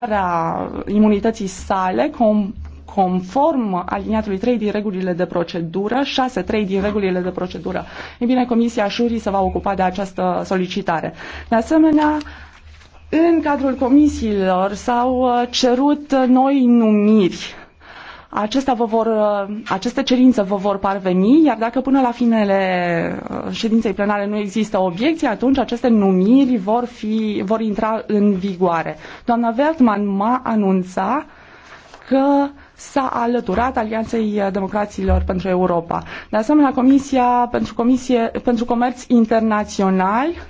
ridicarea imunității sale com, conform aliniatului 3 din regulile de procedură, 3 din regulile de procedură. E bine, Comisia Șurii se va ocupa de această solicitare. De asemenea, în cadrul comisiilor s-au cerut noi numiri Acestea vă vor, uh, aceste cerințe vă vor parveni, iar dacă până la finele uh, ședinței plenare nu există obiecții, atunci aceste numiri vor, fi, vor intra în vigoare. Doamna Vertman m-a anunțat că s-a alăturat Alianței Democraților pentru Europa. De asemenea, Comisia pentru, Comisie, pentru Comerț Internațional